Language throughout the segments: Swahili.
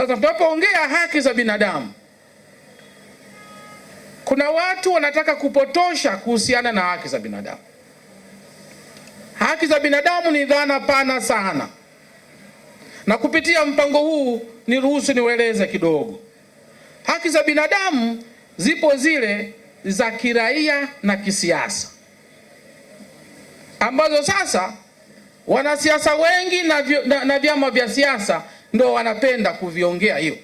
Sasa tunapoongea haki za binadamu, kuna watu wanataka kupotosha kuhusiana na haki za binadamu. Haki za binadamu ni dhana pana sana, na kupitia mpango huu niruhusu niweleze kidogo. Haki za binadamu zipo zile za kiraia na kisiasa, ambazo sasa wanasiasa wengi na vyama vya siasa ndo wanapenda kuviongea hiyo,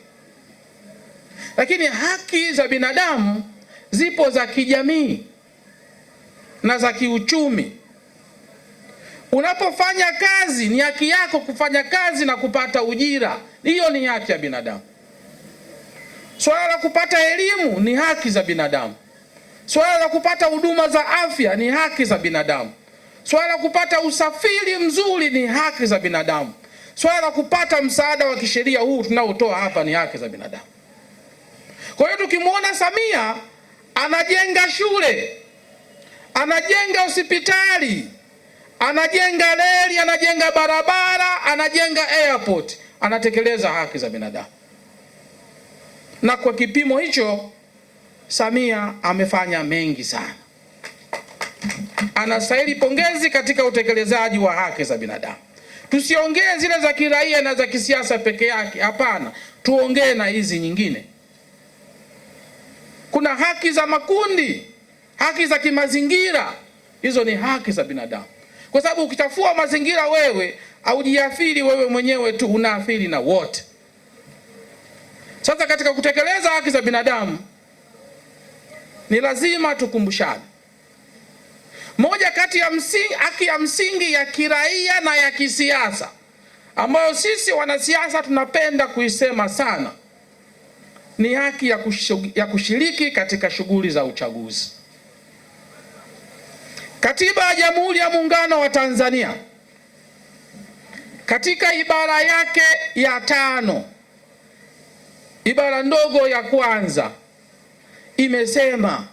lakini haki za binadamu zipo za kijamii na za kiuchumi. Unapofanya kazi, ni haki yako kufanya kazi na kupata ujira, hiyo ni haki ya binadamu. Swala la kupata elimu ni haki za binadamu. Swala la kupata huduma za afya ni haki za binadamu. Swala la kupata usafiri mzuri ni haki za binadamu. Swala la kupata msaada wa kisheria huu tunaotoa hapa ni haki za binadamu. Kwa hiyo tukimwona Samia anajenga shule, anajenga hospitali, anajenga reli, anajenga barabara, anajenga airport, anatekeleza haki za binadamu, na kwa kipimo hicho Samia amefanya mengi sana, anastahili pongezi katika utekelezaji wa haki za binadamu. Tusiongee zile za kiraia na za kisiasa peke yake, hapana, tuongee na hizi nyingine. Kuna haki za makundi, haki za kimazingira, hizo ni haki za binadamu, kwa sababu ukichafua mazingira wewe haujiathiri wewe mwenyewe tu, unaathiri na wote. Sasa katika kutekeleza haki za binadamu ni lazima tukumbushane moja kati ya msingi, haki ya msingi ya kiraia na ya kisiasa ambayo sisi wanasiasa tunapenda kuisema sana ni haki ya kushiriki katika shughuli za uchaguzi. Katiba ya Jamhuri ya Muungano wa Tanzania katika ibara yake ya tano ibara ndogo ya kwanza imesema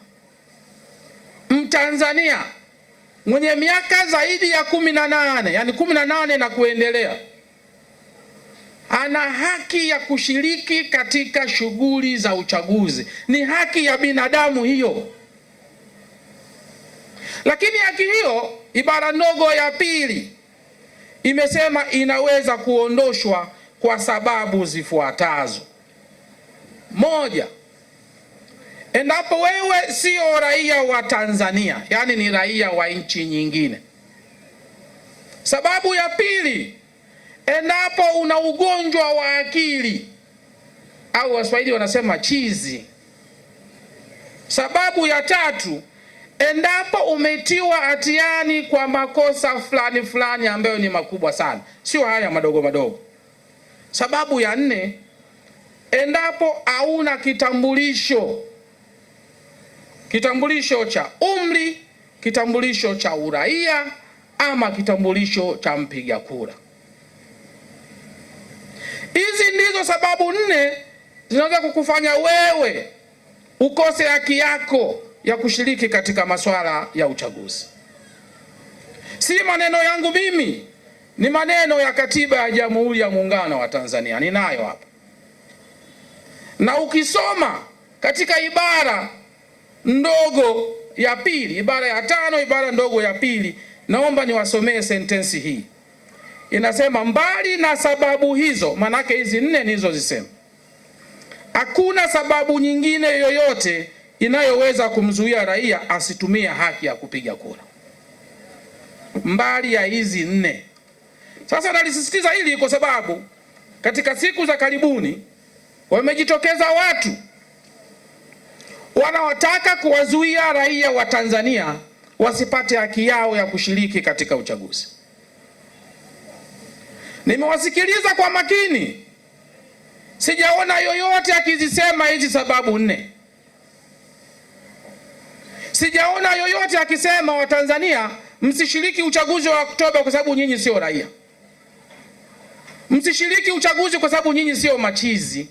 Mtanzania mwenye miaka zaidi ya kumi na nane yani kumi na nane na kuendelea ana haki ya kushiriki katika shughuli za uchaguzi. Ni haki ya binadamu hiyo. Lakini haki hiyo, ibara ndogo ya pili imesema inaweza kuondoshwa kwa sababu zifuatazo: moja, Endapo wewe sio raia wa Tanzania, yaani ni raia wa nchi nyingine. Sababu ya pili, endapo una ugonjwa wa akili au Waswahili wanasema chizi. Sababu ya tatu, endapo umetiwa hatiani kwa makosa fulani fulani ambayo ni makubwa sana, sio haya madogo madogo. Sababu ya nne, endapo hauna kitambulisho kitambulisho cha umri, kitambulisho cha uraia ama kitambulisho cha mpiga kura. Hizi ndizo sababu nne zinaweza kukufanya wewe ukose haki yako ya kushiriki katika masuala ya uchaguzi. Si maneno yangu mimi, ni maneno ya katiba ya Jamhuri ya Muungano wa Tanzania, ninayo hapa, na ukisoma katika ibara ndogo ya pili, ibara ya tano, ibara ndogo ya pili, naomba niwasomee sentensi hii. Inasema mbali na sababu hizo, maanake hizi nne nilizozisema, hakuna sababu nyingine yoyote inayoweza kumzuia raia asitumie haki ya kupiga kura, mbali ya hizi nne. Sasa nalisisitiza hili kwa sababu katika siku za karibuni wamejitokeza watu wanaotaka kuwazuia raia wa Tanzania wasipate haki yao ya kushiriki katika uchaguzi. Nimewasikiliza kwa makini, sijaona yoyote akizisema hizi sababu nne. Sijaona yoyote akisema Watanzania msishiriki uchaguzi wa Oktoba kwa sababu nyinyi sio raia, msishiriki uchaguzi kwa sababu nyinyi sio machizi.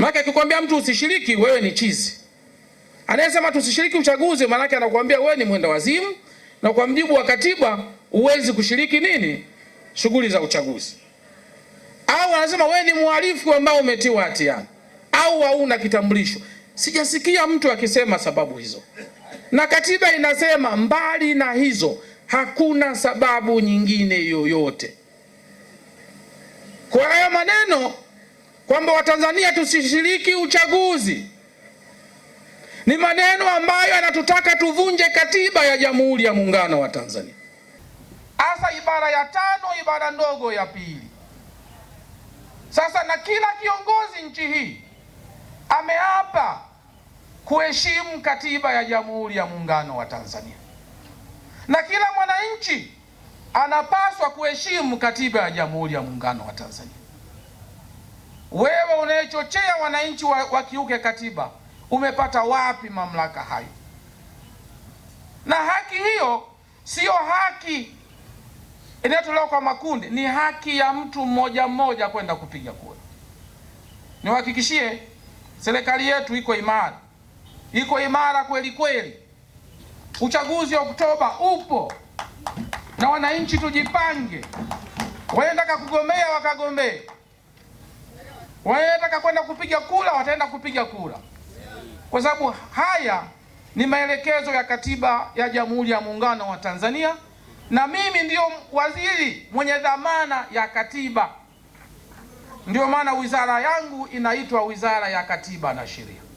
Maana akikwambia mtu usishiriki, wewe ni chizi. Anayesema tusishiriki uchaguzi, maana yake anakuambia wewe ni mwenda wazimu, na kwa mjibu wa katiba huwezi kushiriki nini, shughuli za uchaguzi. Au anasema wewe ni mhalifu ambao umetiwa hatiani au hauna kitambulisho. Sijasikia mtu akisema sababu hizo, na katiba inasema mbali na hizo hakuna sababu nyingine yoyote. Kwa haya maneno kwamba Watanzania tusishiriki uchaguzi ni maneno ambayo yanatutaka tuvunje katiba ya Jamhuri ya Muungano wa Tanzania, hasa ibara ya tano ibara ndogo ya pili. Sasa na kila kiongozi nchi hii ameapa kuheshimu katiba ya Jamhuri ya Muungano wa Tanzania, na kila mwananchi anapaswa kuheshimu katiba ya Jamhuri ya Muungano wa Tanzania. Wewe unayechochea wananchi wakiuke katiba, umepata wapi mamlaka hayo? Na haki hiyo siyo haki inayotolewa kwa makundi, ni haki ya mtu mmoja mmoja kwenda kupiga kura. Niwahakikishie, serikali yetu iko imara, iko imara kweli kweli. Uchaguzi wa Oktoba upo na wananchi tujipange, wanataka kugomea wakagombee wanataka kwenda kupiga kura, wataenda kupiga kura, kwa sababu haya ni maelekezo ya katiba ya Jamhuri ya Muungano wa Tanzania, na mimi ndiyo waziri mwenye dhamana ya katiba. Ndiyo maana wizara yangu inaitwa Wizara ya Katiba na Sheria.